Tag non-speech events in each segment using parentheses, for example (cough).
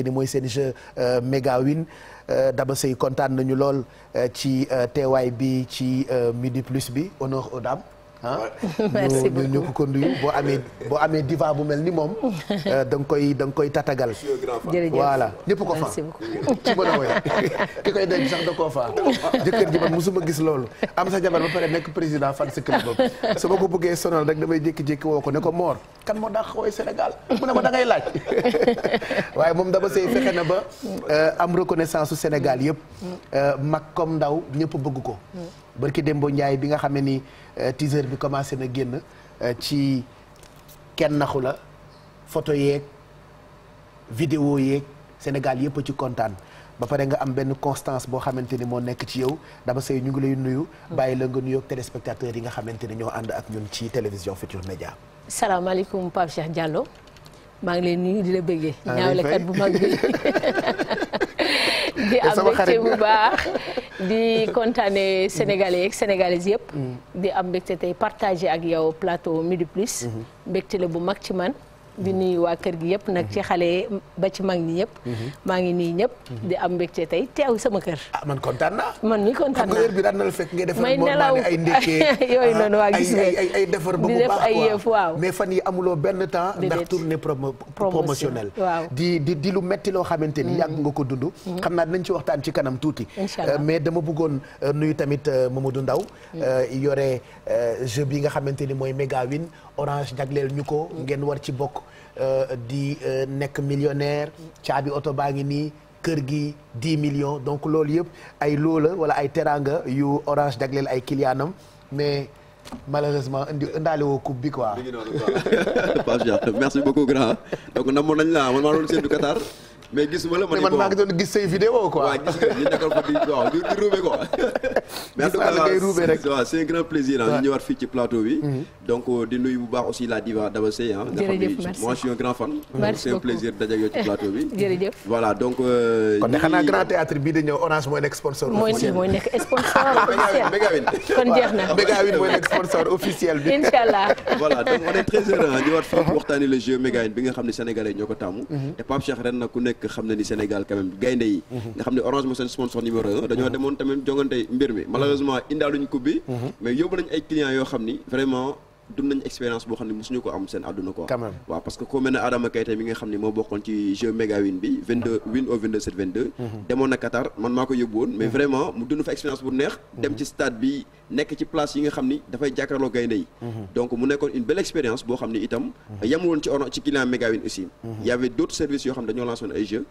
xamante ni mooy seen jeu euh, méga win euh, Daba Seye kontaan nañu lool euh, ci teewaay bi ci Midi Plus bi honneur aux ah (laughs) merci ñu ko ko boo amee boo amee diva bu mel ni moom (laughs) euh, danga koy danga koy tatagal jërëjëf voilà ñëpp ko fa merci beaucoup (laughs) ci mën a woy ki koy denc sax da koo faa jëkkër ji man mosuma gis loolu am sa jabar ba pare nekk président fan si club su ma ko bëggee sonal rek damay jékki-jékki woo ko ne ko moor kan moo dàq woy Sénégal mu ne ma da ngay laaj waaye moom dama sey fexe na ba euh, am reconnaissance su Sénégal yëpp mm. euh, mag comme ndaw ñëpp bëgg ko mm. barki Dembo Ndiaye bi nga xam ne ni euh, teaser bi commencé na génn euh, ci kenn naxu la photo yeeg vidéo yeeg Sénégal yëpp ci kontaan ba pare nga am benn constance boo xamante ni moo nekk ci yow dama sey ñu ngi lay nuyu. Mm. bàyyi la nga nuyoog téléspectateurs yi nga xamante ni ñoo ànd ak ñun ci télévision Futurs Médias. salaamaaleykum Pape Cheikh Diallo maa ngi leen nuyu di la bëggee. ñaawlekat bu mag bi (laughs) (laughs) di am mbégte bu baax. di kontaane sénégalais ak yëpp. Mm. di am mbégte tey partagé ak yow plateau Midi Plus. Mm-hmm. mbégte la bu mag ci man. di nuyu waa kër gi yëpp nag ci xale ba ci mag ñi ñëpp mhm. maa ngi nii ñëpp di am mbégte tey teew sama kër ah man kontaan naa man mi kontaan naa heure bi daan na la fekk ngay defar may nelaw ay ndékkee (laughs) yooyu noonu ah, waa gis nga ay defar ba baax ay yëf waaw mais fan yi amuloo benn temps ndax tournée promotionnelle waaw di di di lu metti loo xamante ni mm-hmm. yàgg nga ko dund mm-hmm. xam naa dinañ ci waxtaan ci kanam tuuti euh, mais dama bëggoon euh, nuyu tamit euh, du Ndaw mm-hmm. yore jeu bi nga xamante ni mooy méga Win Orange jagleel ñu ko ngeen war ci bokk Euh, di euh, nekk millionnaire caabi oto baa ngi nii kër gi 10 million donc loolu yëpp ay loola wala ay teraanga yu orange jagleel ay kiliyaanam mais malheureusement indi indaale woo coupe bi quoi. mi ngi noonu (laughs) merci beaucoup grand donc namoon nañ la man maa doon séntu Qatar. mais gis ma la ma ne man maa ngi doon gis say vidéo quoi. waaw gis nga ñu ko di (laughs) waaw di ruube (laughs) ngay ruube rek waaw c'est un grand plaisir ah ñu ñëwaat fii ci plateau bi. Mhm. donc euh, di nuyu bu baax aussi la diva Daba Seye ah. jërëjëf merci moi bi. (laughs) jërëjëf donc. Euh, kon de xanaa grand théâtre bii di ñëw Orange mooy nekk sponsor. mooy mooy nekk sponsor mooy nekk sponsor officiel bi. incha allah donc on est très heureux ah ñëwaat fii mhm. waxtaanee le jeu Megawin bi nga xam ne sénégalais ñoo ko taamu. Mhm. te Pape Cheikh ren na ku nekk nekk xam na ni Sénégal quand gaynde yi mhm. nga xam ne Orange seen sponsor numéro dañoo mhm. demoon tamit jongante mbir mi mhm. malheureusement indaaluñ coupe bi mais yóbbu nañ ay clients yoo xam ni vraiment dund nañ expérience boo xam ne mosuñu ko am seen àdduna quoi. quand même parce que ku mel ne Adama Keita mi nga xam ne moo bokkoon ci jeu méga win bi mhm. demoon na Qatar man maa ko yóbbu woon mais mhm. vraiment mu dund fa expérience bu neex. Mhm. dem ci stade bi nekk ci place yi nga xam ni dafay jàkkaarloo gaynde yi. donc mu nekkoon une belle expérience boo xam ne itam. yamul woon ci or ci client méga win aussi. y avait d'autres services yoo xam dañoo lancer woon ay jeux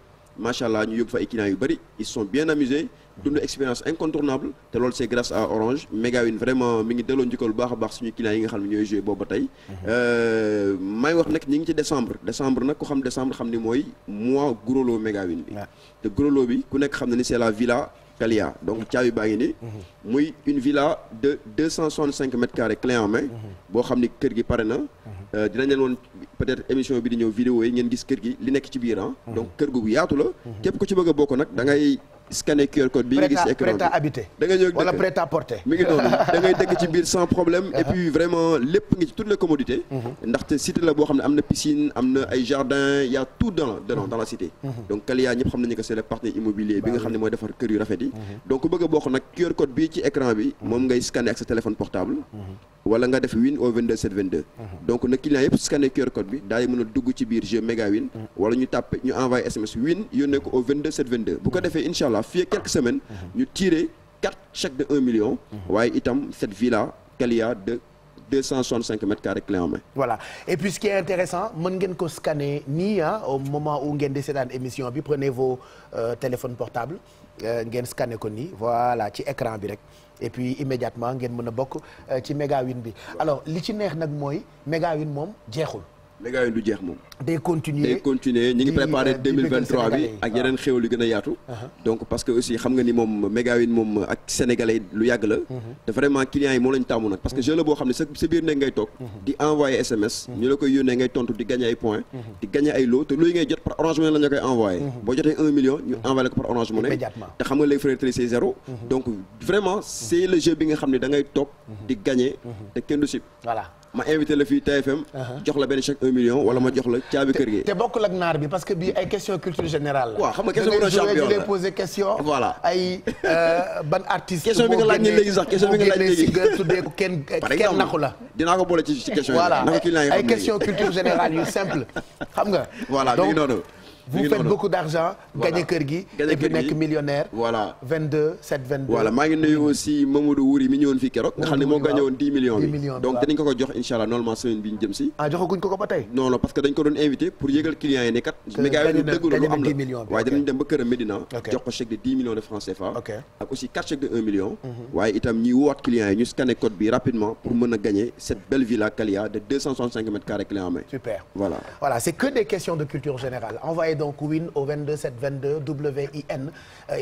dund expérience incontournable te loolu c'est grâce à Orange Megawin vraiment mi ngi delloo njukkal baax a baax suñu clients yi nga xam ne ñooy joué boobu tey mhm. euh, may wax nag ñi ngi ci décembre décembre nag ku xam décembre xam ni mooy mois gurolo Megawin bi te gurolo bi ku nekk xam ne ni c'est la villa Kalia donc caabi baa ngi ni mhm. muy une villa de deux cent soixante-cinq mètres carrés clé en main mhm. boo xam ni kër gi pare na euh, dinañ leen woon peut-être émission bi di ñëw vidéo yi ngeen gis kër gi li nekk ah. a scanner QR code bi nga ngi noonu (laughs) da dëkk ci biir sans problème et puis uh-huh. vraiment lépp ngi ci toutes les commodités uh-huh. ndaxte cité la boo xam ne am na piscine am na ay jardin y a tout dans dedans uh-huh. dans la cité donc Kalia ñëpp xam nañu que c'est le immobilier bi nga xam ne mooy defar kër yu rafet yi donc ku bëgg a bokk nag QR code bii ci écran bi moom ngay scanner ak sa téléphone portable wala nga def win au 22 722 donc na client yëpp scanner QR code bi daal mën a dugg allah fii quelques semaines. ñu tiré quatre chèques de million. waaye itam cette villa Kalia de deux cent soixante cinq mètres carrés clé voilà et puis ce qui est intéressant mën ngeen ko scanner nii ah au moment où ngeen di seetaan émission bi prenez vos euh, téléphones portables euh, ngeen scanner ko nii voilà ci écran bi rek. et puis immédiatement ngeen mën a bokk euh, ci Megawin bi alors li ci neex nag mooy Megawin moom jeexul. méga yi du jeex moom. day continuer day ngi préparé euh, bi ak yeneen xéw lu gën a yaatu. Uh-huh. donc parce que aussi xam nga ni moom méga yi moom ak sénégalais lu yàgg la. Uh-huh. te vraiment clients moo lañ tàmmu nag. parce que uh-huh. jeu la boo xam ne sa biir nekk ngay toog. di envoyé SMS. ñu la koy yónnee ngay tontu di gagné ay points. di gagné ay lots te luy ngay jot par orange money la koy envoyé. boo jotee 1 million ñu envoyé ko par orange money. te xam nga ma invité fii TFM. jox la benn chèque 1 million wala ma jox la caabi kër gi. te bokkul ak naar bi parce que bii ay question culture générale euh, question bi nga laaj ne léegi sax question bi nga laaj léegi. tuddee ko kenn kenn naqu la. ko boole ci question yi. question culture générale yu simple xam nga. voilà mi ngi vous d'argent gagné kër gi et puis maa ngi nuyu aussi Mamadou Wuri mi ñëwoon fii keroog nga xam ne moo gagné woon 10 millions bi donc dinañ ko ko jox inshallah normalement semaine bi jëm si ah joxaguñ ko ko ba tey non non parce que dañ ko doon invité pour yëgal clients yi ne kat mi gaa yi am la waaye dinañ dem ba këram Médina jox ko chèque de millions de francs CFA ak aussi 4 chèques de 1 mhm. waaye itam ñuy woowaat clients donc win au 22 7 22 WIN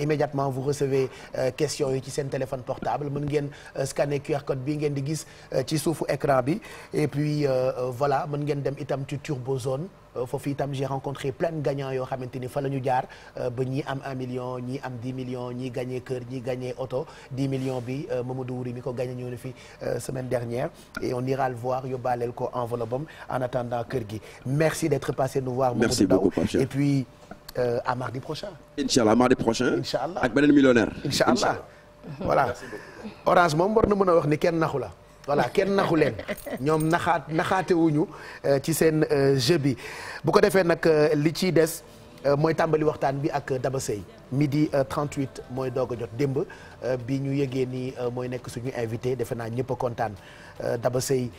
immédiatement vous recevez euh, question yi ci seen téléphone portable mën ngeen euh, scanner QR code bi ngeen di gis euh, ci suufu écran bi et puis voilà mën ngeen dem itam ci Turbo Zone Euh, foofu itam j'ai rencontré plein de gagnants yoo xamante ni fa la ñu jaar euh, ba ñii am 1 million ñii am 10 millions ñii gagné kër ñii gagné oto million millions bi euh, Mamadou Wuri mi ko gagné ñëw na fi semaine dernière et on ira le voir yóbbaaleel ko enveloppe am en attendant kër gi merci d'être passé nous voir Mamadou Daw et puis euh, à mardi prochain inchallah mardi prochain inchallah ak beneen millionnaire inchallah Orange moom war na mën a wax ni kenn naxu la voilà kenn naxu leen ñoom naxaat naxaatewuñu euh, ci seen euh, jeu bi bu ko defee nag euh, li ciy des mooy tàmbali waxtaan bi ak Daba Seye midi 38 mooy doog a jot démb bi ñu yëgee ni mooy nekk suñu invité defe naa ñëpp kontaan Daba Seye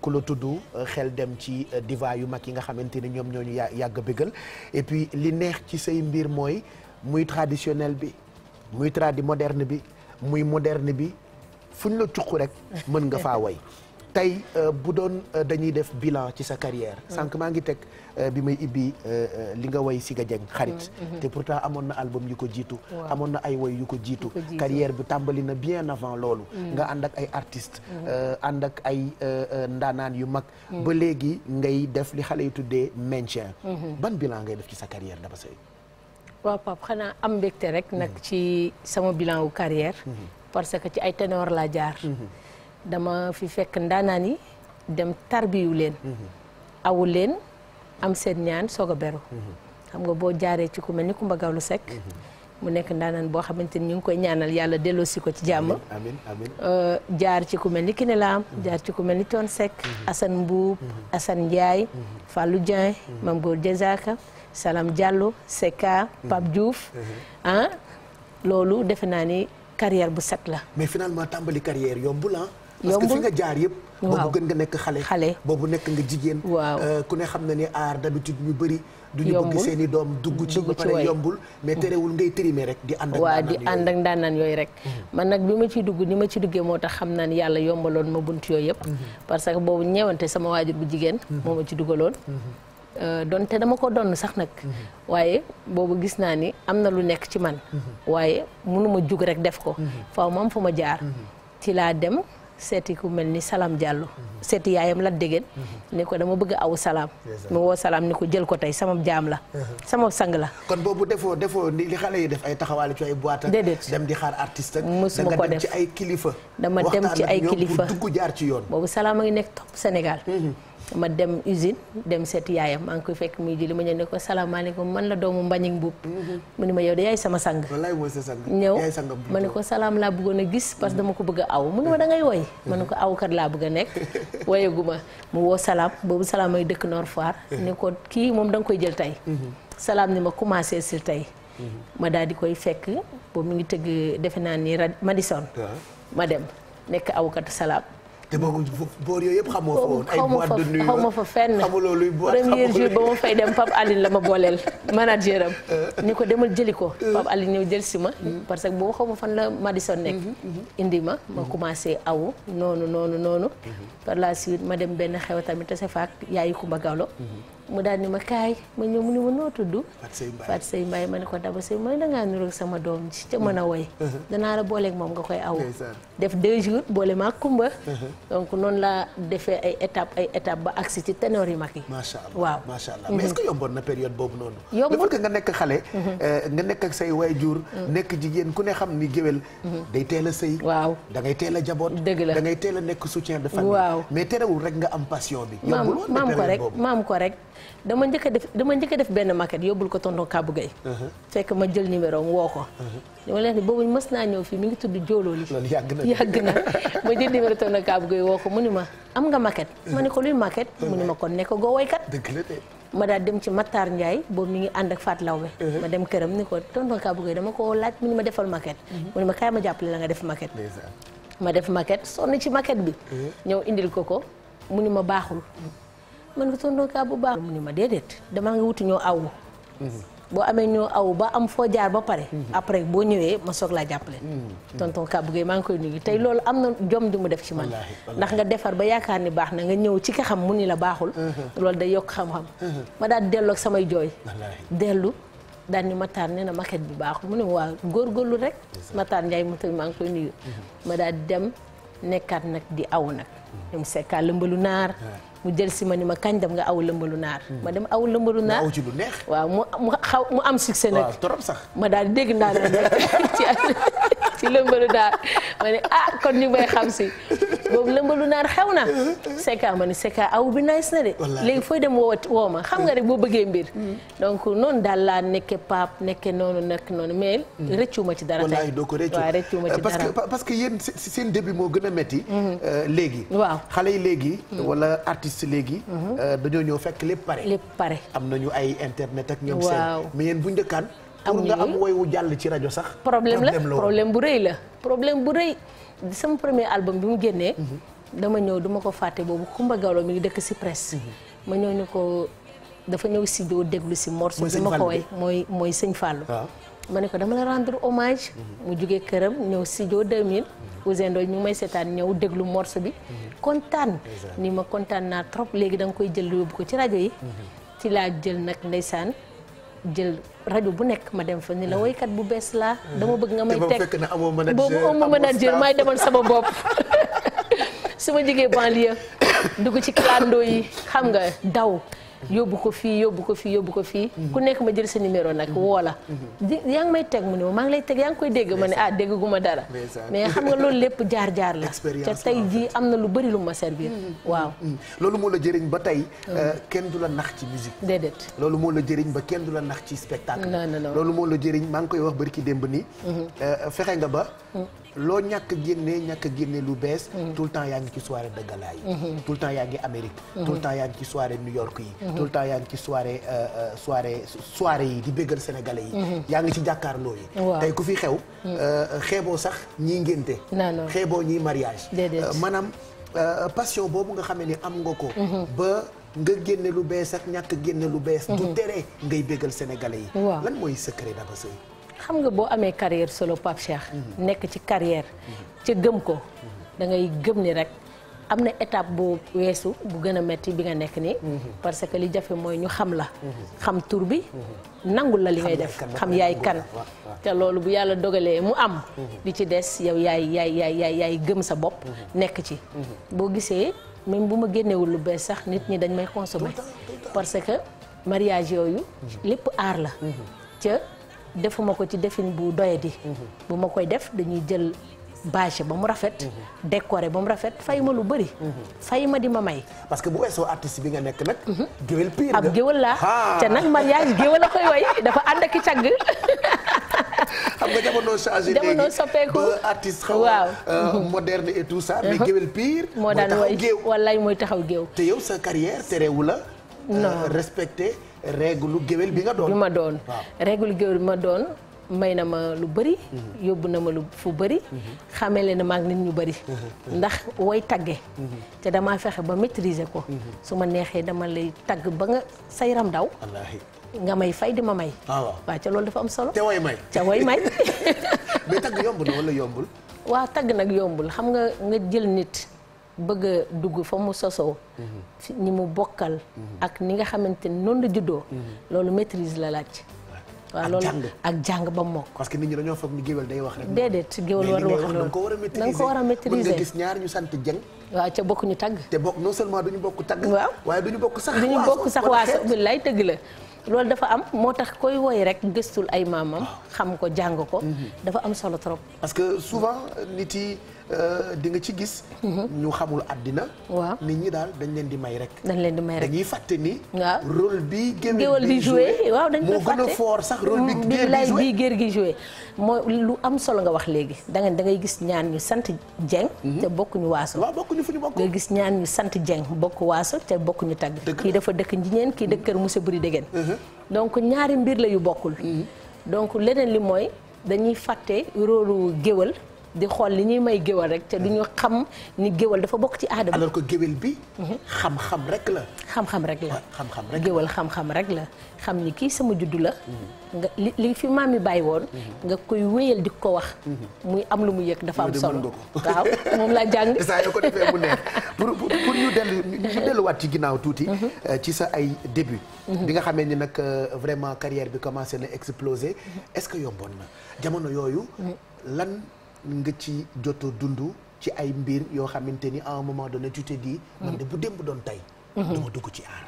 ku la tudd xel dem ci diva yu mag yi nga xamante ni ñoom ñoo ñu yàgg a bégal et puis li neex ci say mbir mooy muy traditionnel bi muy tradi moderne bi muy moderne bi. fu ñu la cuq rek mën nga faa way tey euh, bu doon euh, dañuy def bilan ci sa carrière mm. sànq maa ngi teg euh, bi may ibbi li nga way Siga Dieng xarit mm, mm-hmm. te pourtant amoon na album yu ko jiitu amoon na ay way yu ko jiitu carrière bi tàmbali na bien avant loolu mm. nga ànd ak ay artistes mm-hmm. ànd ak ay ndanaan yu mag ba léegi ngay def li xale yu tuddee maintien mm-hmm. ban bilan ngay def ci sa carrière Daba Seye waa Pape xanaa am mbégte rek nag ci sama bilan wu carrière parce que ci ay ténor laa jaar mhm. dama fi fekk ndaanaan yi dem tarbiyu leen mhm. awu leen am seen ñaan soog a beru mhm. xam nga boo jaaree ci ku mel ni Kumba Gawlu Seck mu nekk ndaanaan boo xamante ni ñu ngi koy ñaanal yàlla delloosi ko ci jàmm. amiin euh, jaar ci ku mel ni Kiné Lam jaar ci ku mel ni Thione Seck. Assane Mbuub Assane Ndiaye. fallu Dieng. Mame Goor Diazaka. Salam Diallo Secka Pape Diouf. juuf ah, loolu defe naa carrière bu set la. mais finalement tàmbali carrière yombul ah. parce que jaar yëpp. boobu gën nga nekk xale. xale boobu nekk nga jigéen. waaw euh, ku ne xam na ni aar d'habitude ñu bëri. du ñu bëgg seen doom dugg ci ba pare yombul. mais terewul ngay trimé rek di ànd ak. waaw di ànd ak ndaanaan yooyu rek. Mhm. man nag bi ma ciy dugg ni ma ci duggee moo tax xam naa ni yàlla yombaloon ma bunt yooy yëpp. Mhm. parce que boobu ñeewante sama waajur bu jigéen. Mhm. moo ma ci duggaloon Euh, donte dama ko donn sax nag mhm. waaye boobu gis naa ni am na lu nekk ci man mhm. waaye mënuma jug rek def ko mhm. faaw ma am fu ma jaar ci laa dem seeti ku mel ni Salam Diallo seeti yaayam la dégg ni ko dama bëgg aw salaam mu woo salaam ni ko jël ko tey sama jaam la sama sang la kon boobu defoo defoo li xale yi def ay taxawaale ci ay boîte déedéet dem di xaar artiste ak musuma ko def ay kilifa dama dem ci ay kilifa dugg jaar ci yoon boobu salaam a ngi nekk topp Sénégal ma dem usine dem seet yaayam maa ngi koy fekk muy julli ma ñëw ne ko salaamaaleykum man la doomu mbañik mbuub mhm. mu ne ma yow de yaay sama sang ñëw ma ne ko salaam laa bëggoon a gis parce que dama ko bëgg aw mu ne ma da ngay woy ma ne ko awkat laa bëgg a nekk (laughs) woyaguma mu woo salaam boobu salaam ay dëkk Nord Foire mhm. ne ko kii moom danga koy jël tey mhm. salaam ni ma commencé si tey ma daal di koy fekk boobu mu ngi tëgg defe naa ni Madison ma dem nekk awkatu salaam te boobu boor yooyu yëpp xamoo fa woon ay boîte de nuit xaw ma fa fenn xamuloo luy boîte premier jour ba ma fay dem Pape Aline la ma booleel (laughs) manager am euh. ni ko demal jëli ko euh. Pape Aline ñëw jël si ma mm-hmm. parce que boobu xaw ma fan la Madison nekk mm-hmm. Mm-hmm. indi ma ma commencé awu noonu noonu noonu par la suite ma dem benn xew tamit te sa faak yaayu Kumba Gawlo mu daal ni ma kaay ma ñëw mu ni ma noo tudd Fatou Seye Mbaye ma ne ko Daba Seye mooy dangaa niroog sama doom ji ca mën a woy (laughs) uh-huh. danaa la booleeg moom nga koy aw def deux jours boole maa kumba uh-huh. noonu laa defee ay étape ay étape ba agsi ci ténor yu mag yi macha allah macha allah mm-hmm. mais est na période boobu noonu yombul que nga nekk xale mm-hmm. euh, nga nekk ak say waajur mm-hmm. jigéen ku ne xam ni géwél day teel a sëy waaw da ngay teel a jaboot dëgg la da ngay teel a nekk soutien de famille waaw mais terewul rek nga am passion bi yombul ko rek maam ko rek dama njëkk def dama njëkk def benn makket yóbbul ko tonton Kabou Gueye uh-huh. fekk ma jël numéro woo ko uh-huh. dama leen ni boobu mës naa ñëw fii mu ngi tudd jooloo li yàgg na yàgg na ma jël numéro tonton Kabou Gueye woo ko mu ni ma am nga maquette ma ne ko luy maquette mu ni ma kon ko goo ma daal dem ci Matar Ndiaye boobu mi ngi ànd ak Fat Lawbe uh-huh. dem këram ni ko tonton Kabou Gueye dama ko laaj mu ni ma defal maquette mu ni ma kaay ma jàppale la nga def maquette ma def maquette sonn ci maquette bi ñëw indil ko ko mu ni ma baaxul man ko tonton Ka bu baax mu ni ma déedéet damaa nga wuti ñoo awu mhm. boo amee ñoo aw ba am foo jaar ba pare mhm. après boo ñëwee ma soog laa jàppale mhm. tonton Kabou Gueye maa ngi koy nuyu tey loolu am na jom di mu def ci man ndax nga defar ba yaakaar ni baax na nga ñëw ci ka xam mu ni la baaxul loolu day yokk xam-xam ma daal dellu ak samay jooy dellu daal ni mataan nee na maquette bi baaxul mu ne ma waa góorgóorlu rek Matar Ndiaye mu tamit maa ngi koy nuyu ma daal dem nekkaat nag di aw nag ñoom sekkaa lëmbalu naar ah. mu jël si ma ni ma kañ nga aw lëmbalu naar hmm. ma dem aw lëmbalu naar aw ci lu neex waaw mu mu xaw mu am succès nag waaw trop sax ma daal di dégg naa la (laughs) ci ci lëmbalu naar ma ne ah kon ñu may xam boobu lëmbalu naar xew na mhm. Secka ma ni Secka aw bi nice na de léegi fooy dem woo woo ma xam nga rek boo bëggee mbir mhm. donc noonu daal laa nekke paap nekke noonu nekk noonu mais mhm. rëccu ma ci dara tey wallaay doo ko rëccu waaw rëccu ma ci dara parce que parce que yéen seen début moo gën a metti euh, léegi waaw xale yi léegi wala artiste léegi euh, dañoo ñëw fekk lépp pare lépp pare am nañu ay internet ak ñoom seen mais yéen bu pour nga am woy wu jàll ci rajo sax. problème la problème bu rëy la. problème bu rëy sama premier album bi mu génnee. Mhm. dama ñëw duma ko fàtte boobu Kumba Gawlo mi ngi dëkk si presse. Mhm. ma ñëw ni ko dafa ñëw si doo déglu si morceau bi ma ko woy mooy mooy sëñ Fallou. Ah. ma ne ko dama rendre hommage. Mhm. mu jugee këram ñëw studio 2000. Ousseynou Ndoye ñu may seetaan ñëw déglu morso bi. kontaan ni ma kontaan naa trop léegi da nga koy jël yóbbu ko ci rajo yi. ci laa jël nag ndeysaan jël rajo bu nekk ma dem fa ni la woykat bu bees laa. dama bëgg nga may teg te mën a manager maay demal sama bopp. (laughs) su ma jigee banlieue dugg ci clando yi xam nga daw. yóbbu ko fii yóbbu ko fii yóbbu ko fii ku nekk ma jël sa numéro nag woo la yaa ngi may teg mu ne ma maa ngi lay teg yaa ngi koy dégg ma ne ah dégg gu ma dara mais xam nga loolu lépp jaar-jaar la te tey jii am na lu bari lu ma servir mm-hmm. waaw mm-hmm. loolu moo la jëriñ ba tey euh, kenn du la nax ci musique déedéet loolu moo la jëriñ ba kenn du la nax ci spectacle non non non loolu moo la jëriñ maa ngi koy wax bari ki démb nii mm-hmm. euh, fexe nga ba mm. loo ñàkk génnee ñàkk génne lu bees mm-hmm. tout temps yaa ngi ci soirée de gala yi mm-hmm. tout le temps yaa ngi Amérique mm-hmm. tout temps yaa ngi ci soirée New York yi tout le temps yaa ngi ci soirée euh, euh, soirée soirée yi di béggal sénégalais yi yaa ngi ci jàkkaarloo yi tey ku fi xew euh, xeeboo sax ñiy ngénte xeeboo ñiy mariage maanaam passion boobu nga xamee ni am nga ko ba nga génne lu bees ak ñàkk génne lu bees du tere ngay béggal sénégalais yi lan mooy secret Daba Seye xam nga boo amee carrière solo Pape nekk ci carrière. ca gëm ko. da ngay gëm ni rek am na étape boo weesu bu gën a metti bi nga nekk ni parce que li jafe mooy ñu xam la. xam tur bi. nangu la li ngay def xam yaay kan te loolu bu yàlla dogalee mu am li ci des yow yaay yaay yaay yaay gëm sa bopp nekk ci boo gisee même bu ma génnewul lu bees sax nit ñi dañ may consommer parce que mariage yooyu lépp aar la mhm. defuma ko ci defin bu doyadi. Mhm. bu ma koy def dañuy jël bâché ba mu rafet. Mhm. décoré ba mu rafet fay ma lu bëri. Mhm. fay ma di ma may. parce que bu weesoo artiste bi nga nekk nag. géwél pire ab géwél laa. te nag dafa ànd ak xam nga jamono changé léegi jamono soppeeku artiste xaw waaw euh, moderne et tout ça. mais uh-huh. géwél pire. moo daan way wallaay mooy taxaw géew. te yow sa carrière terewula. Euh, non respecté. réglu géwél bi nga doon. bi ma doon réglu géwél bi ma doon may na ma lu bari mhm. yóbbu na ma lu fu bëri. Mhm. xamele na ma nit ñu bëri. Mhm. ndax woy tagge te damaa fexe ba maîtriser ko. su ma neexee dama lay tagg ba nga sa yaram daw. nga may fay di ma may. Ah, waaw waaw ca loolu dafa am solo. te woy may ca way may. (laughs) mais tagg yomb na wala yombul. waa tagg nag yombul xam nga nga jël nit. bëgg a dugg fa mu sosoo ñi mu bokkal ak ni nga xamante ni noonu la juddoo loolu maîtrise la laaj waaw loolu ak jàng ba mook parce que nit ñi dañoo foog ni géwél day wax rek déedéet géwél war wax loolu da ko war a maîtriser nga gis ñaar ñu sant jëng waaw ca bokk ñu tagg te bokk non seulement duñu bokk tagg waaw waaye duñu bokk sax duñu bokk sax waaso bi lay tëgg la loolu dafa am moo tax koy woy rek gëstul ay maamam xam ko jàng ko mhm. dafa am solo trop parce que souvent nit yi Euh, di nga ci gis. Mhm. ñu xamul àddina. waaw nit ñi daal dañ leen di may rek. dañ leen di may rek dañuy fàtte ni. waaw rôle bi. géwél bi joué waaw dañ ko fàtte moo sax rôle bi. Mm, géer bi géer gi joué mooy lu am solo nga wax léegi da nga da ngay gis ñaan ñu sant Dieng. Mhm. te ñu waaso. waaw bokkuñu fu ñu bokk. nga gis ñaan ñu sant Dieng bokk waaso te bokkuñu tagg. dëgg kii dafa dëkk Njiñeen kii dëkk Kër Moussa Buri Degen. Mhm. donc ñaari mbir la yu bokkul. donc leneen li mooy dañuy fàtte rôle géwél di xool li ñuy may géwal rek te du ñu xam ni géwal dafa bokk ci aadama. alors que géwal bi. Mhm. xam-xam rek la. xam-xam rek la xam-xam rek la géwal xam la xam ni kii sama juddu la. Mhm. nga li li fi maam yi bàyyi woon. Mhm. nga koy wéyal di ko wax. muy am lu mu yëg dafa am solo. waaw moom laa jàng. (laughs) saa yoo ko defee mu neex pour pour ñu dellu ñu delluwaat ci ginnaaw tuuti. Euh, ci sa ay début. bi nga xamee ni nag euh, vraiment carrière bi commencé na exploser est-ce que yomboon na jamono yooyu lan. nga ci jot a dund ci ay mbir yoo xamante ni à un moment donné tu te dis. man de bu démb doon tey. Mhm. dama dugg ci aar.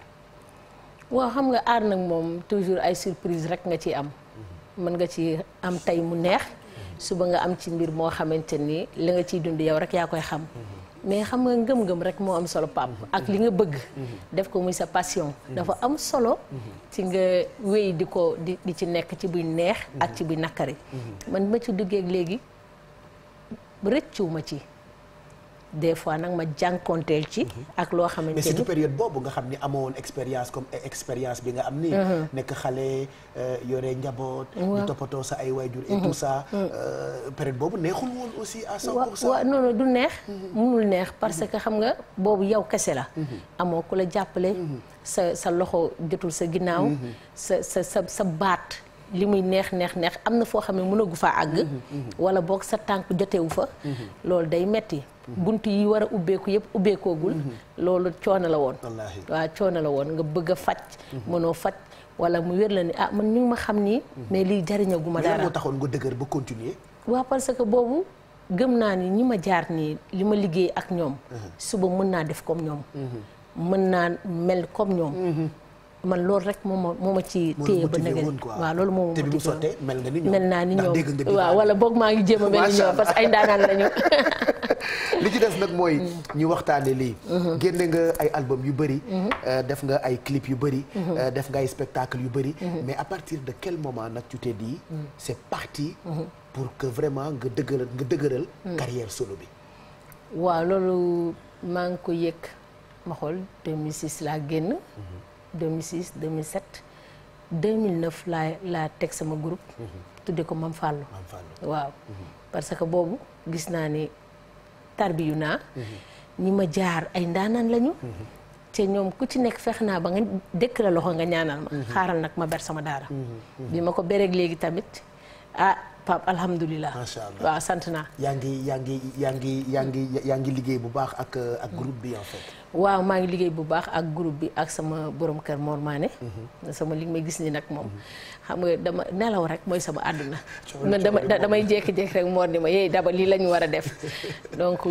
waaw xam nga aar nag moom toujours ay surprise rek nga ci am. Mhm. mën nga ci am tey mu neex. Mhm. suba nga am ci mbir moo xamante ni li nga ciy dund yow rek yaa koy xam. mais xam nga ngëm-ngëm rek moo am solo pap ak li nga bëgg. def ko muy sa passion. dafa am solo. ci nga wéy di ko di di ci nekk ci buy neex. ak ci buy naqari. man ma ci duggee léegi. ba ma ci des fois nag ma jànkonteel ci mhm. ak loo xamante ni mais surtout période boobu nga xam ni amoon expérience comme expérience bi nga am ni mhm. nekk xale euh, yore njaboot di toppatoo sa ay waajur et mhm. tout ça euh, période boobu neexul woon aussi à cent pour cent waaw neex munul neex parce que xam nga boobu yow kese la amoo ku la jàppale sa sa loxo jotul sa ginnaaw sa sa sa sa baat li muy neex neex neex am na foo xam ne mënagu fa àgg. Mhm, mhm. wala boog sa tànk jotewu fa. Mhm. loolu day metti bunt yi war a ubbeeku yëpp ubbeekoogul. loolu coono la woon. waa coono la woon nga bëgg a faj. mënoo faj wala mu wér la ni ah man ñu ma xam nii. mais lii jariñagu ma dara moo dëgër ba continuer. waaw parce que boobu gëm naa ni ñi ma jaar nii li ma liggéey ak ñoom. suba mën naa def comme ñoom. mën naa mel comme ñoom. man loolu rek moo ma moo ma ci téye ba nag waaw loolu moo ma motivé woon mel naa ni ñoom waaw wala boog maa ngi jéem a mel ñoom parce que ay ndaanaan lañu (laughs) li ci des nag mooy mm. ñu waxtaane lii mm-hmm. génne nga ay album yu bëri mm-hmm. euh, def nga ay clip yu bëri mm-hmm. euh, def nga ay spectacle yu bëri mais à partir de quel moment nag tu t'es dit mm. c'est parti pour que vraiment nga dëgëral nga dëgëral mm. carrière solo bi waaw loolu maa ngi ko yëg ma xool 2006 laa génn 2006 2007 2009 laa laa teg sama groupe. Mhm. tudde ko Mam Fallou. Mam waaw. Mhm. parce que boobu gis naa ni tarbiyu naa. Mhm. ñi ma jaar ay ndaanaan lañu. te ñoom ku ci nekk fex naa ba nga dëkk la loxo nga ñaanal ma. xaaral nag ma ber sama daara. bi ma ko bereeg léegi tamit ah. Pape alhamdulilah macha waaw sant naa. yaa ngi yaa ngi yaa ngi yaa ngi yaa ngi liggéey bu baax ak ak groupe bi en fait. waaw maa ngi liggéey bu baax ak groupe bi ak sama borom kër Mor Mané. Mhm. sama li may gis nii nag moom. Mhm. xam nga dama nelaw rek mooy sama àdduna. (laughs) dama damay jékki-jékki rek Mor ni ma yee daba lii la ñu war a def. (laughs) donc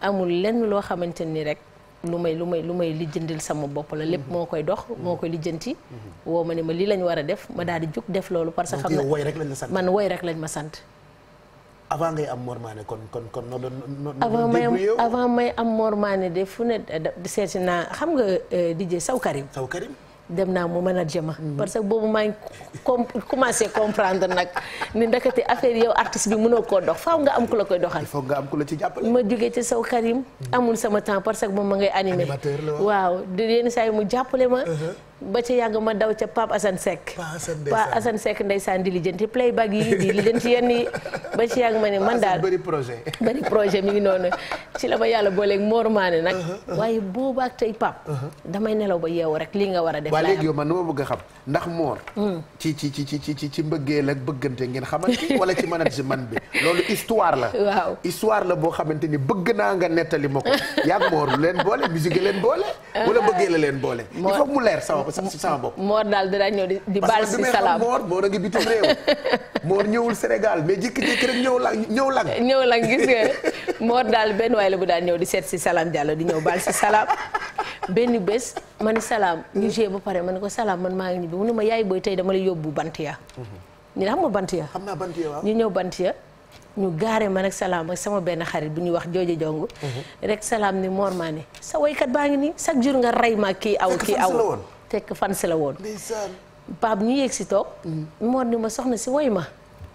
amul lenn loo xamante ni rek. lu may lu may lu may lijjandil sama bopp la lépp mhm. moo koy dox moo koy lijjanti woo ma ne ma lii lañ war a def ma daal di jóg def loolu parce que xam na man woy rek lañ ma sant avant ngay am mormaane kon kon kon may am mormaane de fu ne seeti naa xam nga euh, DJ Saw dem naa mu manager ma mm-hmm. parce que boobu maa ngi commencé comprendre nag ni ndakati affaire yow artiste bi mënoo koo dox faaw nga am ku la koy doxal. faaw nga am ku la ci jàppale. ma jógee ci saw Karim. Mm-hmm. amul sama temps parce que moom ma ngay animé. waaw. waaw yenn saa yi mu jàppale ma. Uh-huh. ba yàgg ma daw ca Pape Assane Seck Pape Assane Seck ndeysaan di lijjanti playback yi di lijjanti yenn yi ba ci yàgg ma ne man daal bëri projet projet mi ngi noonu ci la ma yàlla booleeg Mor Mané nag uh-huh, uh-huh. waaye boobaa tey Pape uh-huh. damay nelaw ba yeewu rek lii nga war a def waaye léegi yow bëgg a xam ndax Mor hmm. ci ci ci ci ci ci mbëggeel ak bëggante ngeen xamante wala ci management bi (laughs) loolu histoire la waaw histoire la boo xamante ni bëgg naa nga nettali ma ko (laughs) yàgg Mor leen boole musique leen boole ah. wala bëggee la leen boole il faut mu leer sama si sama bopp. Mor daal dara ñëw di baal si salaam parce que Mor (laughs) Mor ñëwul Sénégal mais ñëw lang ñëw daal benn waay la bu daal ñëw di seet si salaam Diallo di ñëw baal si salaam. benn bés ma ni salaam. ñu jee ba pare ma ne ko salaam man maa ngi ñibbi mu ne ma yaay booy tey dama mhm. la yóbbu Bantia. ñu ne xam nga Bantia. xam naa Bantia waaw ñu ñëw Bantia. ñu gaare man ak salaam ak sama benn xarit bu ñuy wax jooju jong. Mhm. rek salaam ni Mor maa ne sa woykat baa ngi nii chaque jour nga rey ma kii aw kii aw. tekk fan si la woon. paab ñu yéeg si toog. Mm. moo ni ma soxna si woy ma.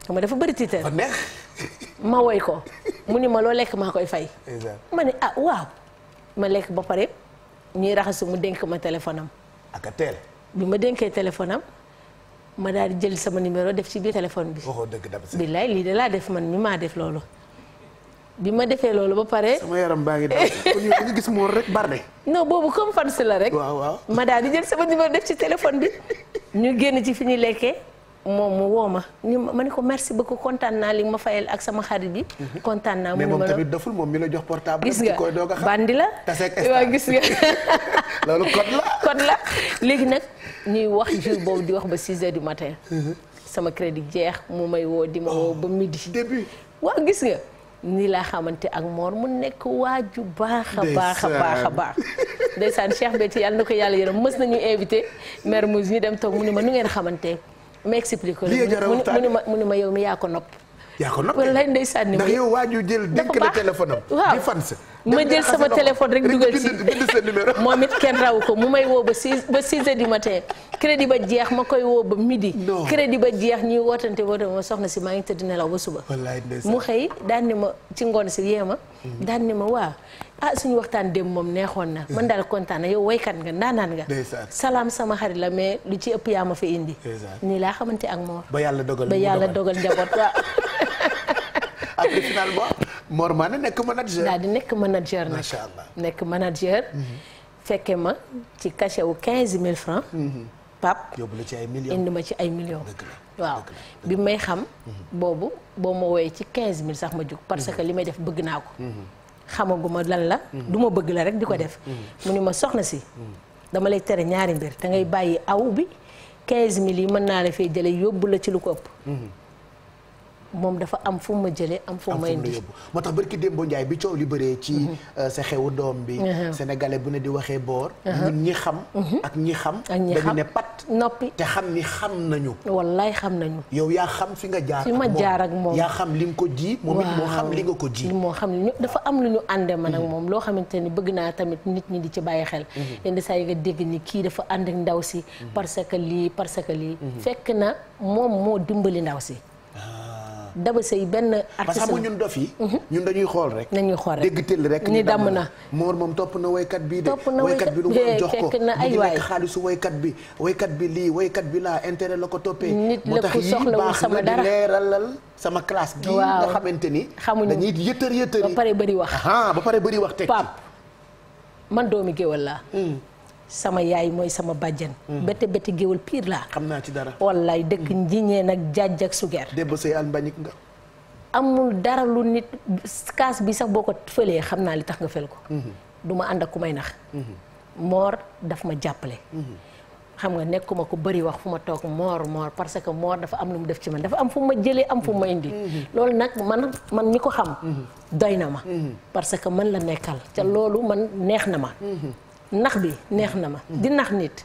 ma nga dafa bëri tiitar. (laughs) ma woy ko mu ni ma loo lekk maa koy fay. ma ne ah waaw. ma lekk ba pare ñuy raxasu mu denk ma téléphone am. ak a bi ma denkee téléphone ma daal di jël sama numéro def ci biir téléphone bi. waxoo dëgg bilaay lii de laa def man mi maa def loolu. bi ma defee loolu ba pare. sama yaram baa ngi daal gis moom rek bari non boobu comme fan si la rek. waaw ma daal di jël sama numéro def ci téléphone bi. ñu génn ci fi ñu lekkee moom mu woo ma ma ne ko merci beaucoup kontaan naa li ma fayal ak sama xarit bi. Mhm. kontaan naa mu numéro mais moom tamit doful moom mi la jox portable. gis nga bandi la (laughs) waaw gis nga. (laughs) loolu code la. (laughs) code la léegi nag ñuy wax jour boobu di wax ba 6 heures du matin. Mhm. sama crédit jeex mu may woo di ma woo ba oh, midi. début waaw gis nga. ni laa xamante ak moor mu nekk waaju baax a baax a baax a baax ndeysaan Cheikh ci yàlla na ko yàlla yërëm mës nañu invité Mermoz ñu dem toog mu ni ma nu ngeen xamante ma expliqué ko li mu ni ma mu ni ma yow mi yaa ko nopp yaa ko nopp wallaay ni ma ndax yow waaju jël dénk la téléphone am di fans ma jël sama téléphone rek dugal si (laughs) moom it kenn raw ko mu may woo ba si ba six heures du matin crédit ba jeex ma koy woo ba midi crédit ba jeex ñuy wootante woote ma soxna si maa ngi te tëdd nelaw ba suba mu xëy daan ni ma ci ngoon si yee ma mm-hmm. daan ma waa ah suñu waxtaan démb moom neexoon na man daal kontaan na yow woykat nga ndaanaan nga salaam sama xarit la mais lu ci ëpp yaa ma fi indi nii laa xamante ak moom ba yàlla dogal ba yàlla dogal njaboot waaw (laughs) Mor Mané nekk manager. daal di nekk manager nag macha allah nekk manager. Mm-hmm. fekke ma ci cachet wu quinze mille francs. Mm-hmm. pap yóbbu la indi ma ci ay million waaw bi may xam. Mm-hmm. boobu boo ma woowee ci quinze mille sax ma jug. parce que li may def bëgg naa ko. xamaguma lan la. du ma bëgg la rek di ko def. mu ni ma soxna si. dama lay tere ñaari mbir da ngay bàyyi aw bi quinze mille yi mën naa defee jële yóbbu la ci lu ko ëpp. moom dafa am fu ma jële am fu ma indi moo tax barki démb Ndiaye bi coow li bëree ci mhm. euh, sa xewu doom bi mhm. sénégalais bu ne di waxee boor mhm. ñun ñi xam ak ñi xam dañu ne pat noppi te xam ni xam nañu wallaay xam nañu yow yaa xam fi nga jaar fi ma jaar ak moom yaa xam li nga ko ji moom moo xam li nga ko ji moo xam li dafa am lu ñu ànde man ak moom loo xamante ni bëgg naa tamit nit ñi di ci bàyyi xel yenn saa yi nga dégg ni kii dafa ànd ak ndaw si parce lii parce que lii fekk na moom moo dimbali ndaw si Daba Seye benn artiste parce que ñun dof yi mhm. ñun dañuy xool rek nañuy xool rek dégg rek ni damm na moor moom topp na waykat bii de waykat bi lu mu jox ko na ay waay xaalisu waykat bi waykat bi lii waykat bi laa intérêt la ko toppee nit la ku soxlawul sama dara leeralal sama classe gi nga xamante ni xamuñu dañuy yëtër yëtër yi ba pare bari wax ba pare bari wax teg Pape man doomi géwal laa hmm. sama yaay mooy sama bàjjen. Hmm. bette bette géwal piir laa. xam naa ci dara. wallaay dëkk hmm. njiñee nag jaaj ak sugeer. débb say albañik nga. amul dara lu nit kaas bi sax boo ko fëlee xam naa li tax nga fël ko. Hmm. du ma ànd ak ku may nax. moor daf ma jàppale. xam nga nekkuma ko bari wax fu ma toog moor moor parce que moor dafa am lu mu def ci man dafa am fu ma jëlee am fu ma indi. loolu nag man man ñi ko xam. doy na ma. parce que man la nekkal ca loolu man neex na ma. nax bi neex na ma di nax nit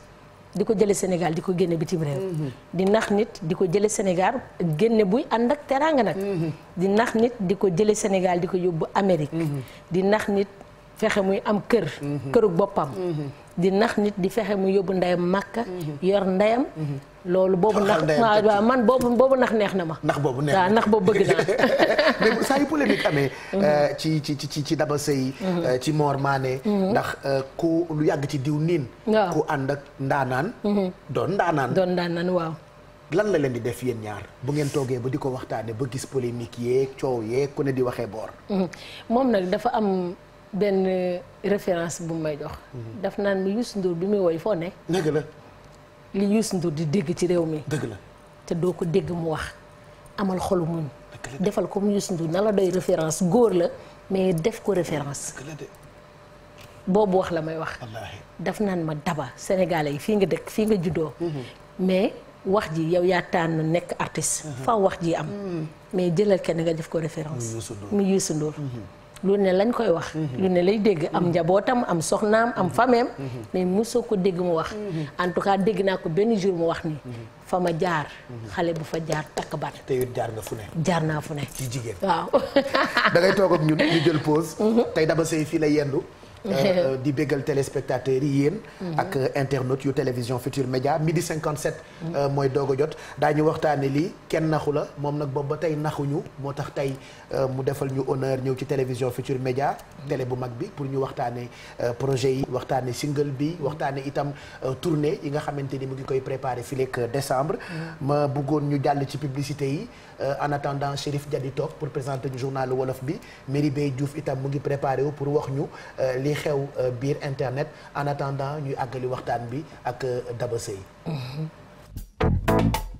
di ko jële Sénégal di ko génne bi bitim réew mm-hmm. di nax nit di ko jële Sénégal génne buy ànd ak teraanga nag mm-hmm. di nax nit di ko jële Sénégal di ko yóbbu Amérique mm-hmm. di nax nit fexe muy am kër këru boppam di nax nit di fexe mu yóbbu ndeyam màkka mhm. yor ndeyam mhm. loolu boobu nax waaw man boobu boobu nax neex na ma ndax boobu neex waaw nax boobu bëgg naa (laughs) mais saa mhm. euh, ci ci ci ci Daba Sey euh, ci Mor Mané ndax euh, ku lu yàgg ci diw niin waaw ku ànd ak ndaanaan doon ndaanaan doon ndaanaan waaw lan la leen di def yéen ñaar bu ngeen toogee ba di ko waxtaane ba gis polémique yeeg coow yeeg ku ne di waxee boor moom nag dafa am benn référence bu may jox. Mhm. daf naan Youssou Ndour bi muy woy foo ne. dëgg la. li Youssou Ndour di dégg ci réew mi. dëgg la te doo ko dégg mu wax amal xolu muñ defal ko mu Youssou Ndour na la doy référence góor la mais def ko référence. boobu wax la may wax. daf naan ma daba sénégalais yi fii nga dëkk fii nga juddoo. Mhm. mais wax ji yow yaataan tànn nekk artiste. Mhm. fa wax ji am. mais jëlal kenn nga def ko référence. mu Youssou Ndour lu ne lañ koy wax. Mhm. lu ne lay dégg am mhm. njabootam am soxnaam am mhm. fameem. mais mosoo ko dégg mu wax. en tout cas dégg naa ko benn jour mu wax ni. fa ma jaar. xale bu fa jaar takk bat. te it jaar nga fu ne. jaar naa fu ne. ci jigéen waaw. (laughs) da ngay toog ñun ñu jël pause. tey Daba Seye fii la yendu. Euh, (laughs) euh, di bégal téléspectateurs yi yéen. Mhm. ak euh, internautes yu télévision Futur Média midi 57. Mhm. mooy doog a jot daañu waxtaanee lii kenn naxu la moom nag boobu ba tey naxuñu moo tax tey mu defal ñu honneur ñëw ci télévision Futur Média. Mhm. télé bu mag bi pour ñu waxtaanee projet yi waxtaanee single bi waxtaanee itam tournée yi nga xamante ni mu ngi koy préparé fii léegi décembre. ma bëggoon ñu jàll ci publicité yi en attendant Chérif Diadi toog pour présenter ñu journal bi itam mu ngi préparé wu pour wax ñu li xew euh, biir internet en attendant ñuy àggali waxtaan bi ak euh, Daba Seye mm-hmm.